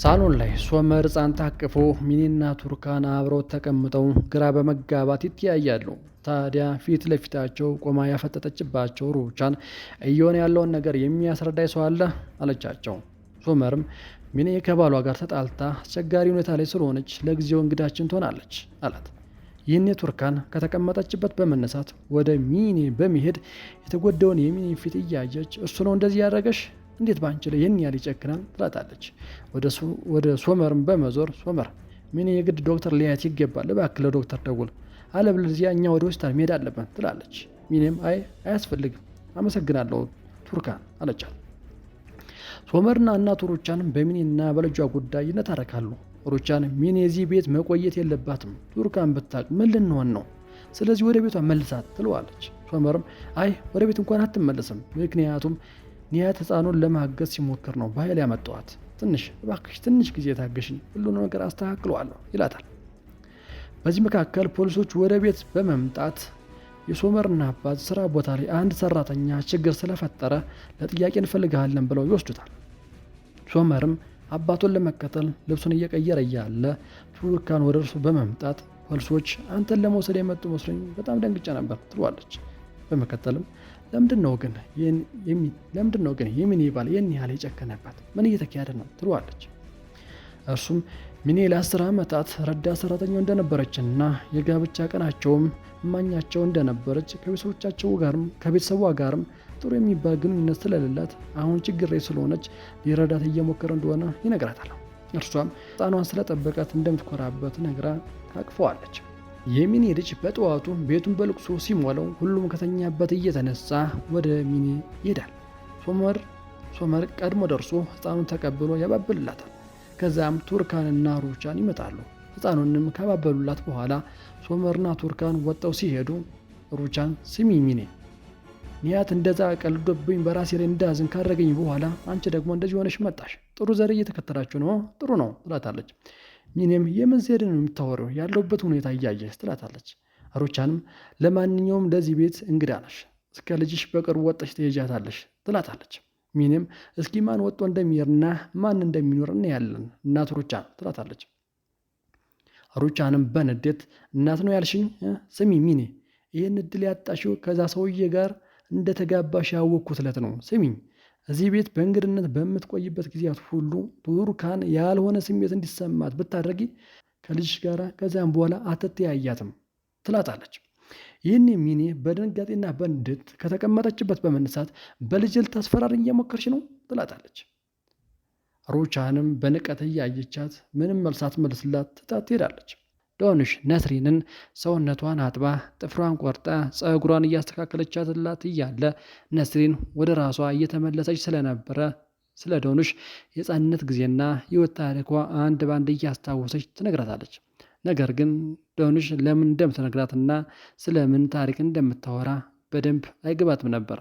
ሳሎን ላይ ሶመር ሕፃን ታቅፎ ሚኒና ቱርካን አብረው ተቀምጠው ግራ በመጋባት ይተያያሉ። ታዲያ ፊት ለፊታቸው ቆማ ያፈጠጠችባቸው ሩቻን እየሆነ ያለውን ነገር የሚያስረዳኝ ሰው አለ አለቻቸው። ሶመርም ሚኔ ከባሏ ጋር ተጣልታ አስቸጋሪ ሁኔታ ላይ ስለሆነች ለጊዜው እንግዳችን ትሆናለች አላት። ይህኔ ቱርካን ከተቀመጠችበት በመነሳት ወደ ሚኔ በመሄድ የተጎዳውን የሚኒ ፊት እያየች እሱ ነው እንደዚህ ያደረገሽ እንዴት በአንቺ ላይ ይህን ያህል ይጨክናል? ትላታለች። ወደ ሶመርም በመዞር ሶመር ምን የግድ ዶክተር ሊያት ይገባል፣ እባክህ ለዶክተር ደውል፣ አለበለዚያ እኛ ወደ ሆስፒታል መሄድ አለብን ትላለች። ሚኔም አይ አያስፈልግም፣ አመሰግናለሁ ቱርካን አለቻት። ሶመርና እናቱ ሩቻንም በሚኔና በልጇ ጉዳይ ይነታረካሉ። ሩቻን ሚኔ የዚህ ቤት መቆየት የለባትም፣ ቱርካን ብታቅ ምን ልንሆን ነው? ስለዚህ ወደ ቤቷ መልሳት ትለዋለች። ሶመርም አይ ወደ ቤት እንኳን አትመለስም፣ ምክንያቱም ኒያት ህፃኑን ለማገዝ ሲሞክር ነው በኃይል ያመጣዋት። ትንሽ እባክሽ ትንሽ ጊዜ ታገሽኝ፣ ሁሉን ነገር አስተካክለዋለሁ ይላታል። በዚህ መካከል ፖሊሶች ወደ ቤት በመምጣት የሶመርና አባት ስራ ቦታ ላይ አንድ ሰራተኛ ችግር ስለፈጠረ ለጥያቄ እንፈልግሃለን ብለው ይወስዱታል። ሶመርም አባቱን ለመከተል ልብሱን እየቀየረ እያለ ፉርካን ወደ እርሱ በመምጣት ፖሊሶች አንተን ለመውሰድ የመጡ መስሎኝ በጣም ደንግጬ ነበር ትሏለች። በመቀጠልም ነው ግን ለምንድነው ግን የሚኒሊክ ይህን ያህል የጨከነበት ምን እየተካሄደ ነው ትሏለች። እርሱም ሚኔ ለአስር ዓመታት ረዳ ሰራተኛው እንደነበረችና የጋብቻ ቀናቸውም እማኛቸው እንደነበረች ከቤተሰቦቻቸው ጋርም ከቤተሰቧ ጋርም ጥሩ የሚባል ግንኙነት ስለሌላት አሁን ችግሬ ስለሆነች ሊረዳት እየሞከረ እንደሆነ ይነግራታል። እርሷም ህፃኗን ስለጠበቃት እንደምትኮራበት ነግራ ታቅፈዋለች። የሚኒ ልጅ በጠዋቱ ቤቱን በልቅሶ ሲሞላው ሁሉም ከተኛበት እየተነሳ ወደ ሚኒ ይሄዳል። ሶመር ሶመር ቀድሞ ደርሶ ህፃኑን ተቀብሎ ያባብልላታል። ከዛም ቱርካንና ሩቻን ይመጣሉ። ህፃኑንም ካባበሉላት በኋላ ሶመርና ቱርካን ወጥተው ሲሄዱ ሩቻን ስሚ ሚኔ ኒያት እንደዛ ቀልዶብኝ በራሴ ላይ እንዳዝን ካረገኝ በኋላ አንቺ ደግሞ እንደዚህ ሆነሽ መጣሽ፣ ጥሩ ዘር እየተከተላችሁ ነው፣ ጥሩ ነው ትላታለች። ሚኔም የምን ዘዴ ነው የምታወሪው? ያለሁበት ሁኔታ እያየሽ ትላታለች። ሩቻንም ለማንኛውም ለዚህ ቤት እንግዳ ነሽ፣ እስከ ልጅሽ በቅርቡ ወጠሽ ትሄጃታለሽ ትላታለች። ሚኔም እስኪ ማን ወጦ እንደሚሄድና ማን እንደሚኖር እናያለን እናት ሩቻን ትላታለች። ሩቻንም በንዴት እናት ነው ያልሽኝ? ስሚ ሚኔ ይህን እድል ያጣሽው ከዛ ሰውዬ ጋር እንደተጋባሽ ያወቅኩት ዕለት ነው። ስሚኝ፣ እዚህ ቤት በእንግድነት በምትቆይበት ጊዜያት ሁሉ ቡርካን ያልሆነ ስሜት እንዲሰማት ብታደርጊ ከልጅሽ ጋር ከዚያም በኋላ አትተያያትም ትላጣለች። ይህን ሚኔ በድንጋጤና በንድት ከተቀመጠችበት በመነሳት በልጅ ልታስፈራሪ እየሞከርሽ ነው ትላጣለች። ሩቻንም በንቀት እያየቻት ምንም መልሳት መልስላት ትታት ትሄዳለች። ዶንሽ ነስሪንን ሰውነቷን አጥባ ጥፍሯን ቆርጣ ጸጉሯን እያስተካከለቻትላት እያለ ነስሪን ወደ ራሷ እየተመለሰች ስለነበረ ስለ ዶንሽ የጻንነት ጊዜና የወት ታሪኳ አንድ ባንድ እያስታወሰች ትነግራታለች። ነገር ግን ዶንሽ ለምን እንደምትነግራትና ስለምን ታሪክ እንደምታወራ በደንብ አይገባትም ነበር።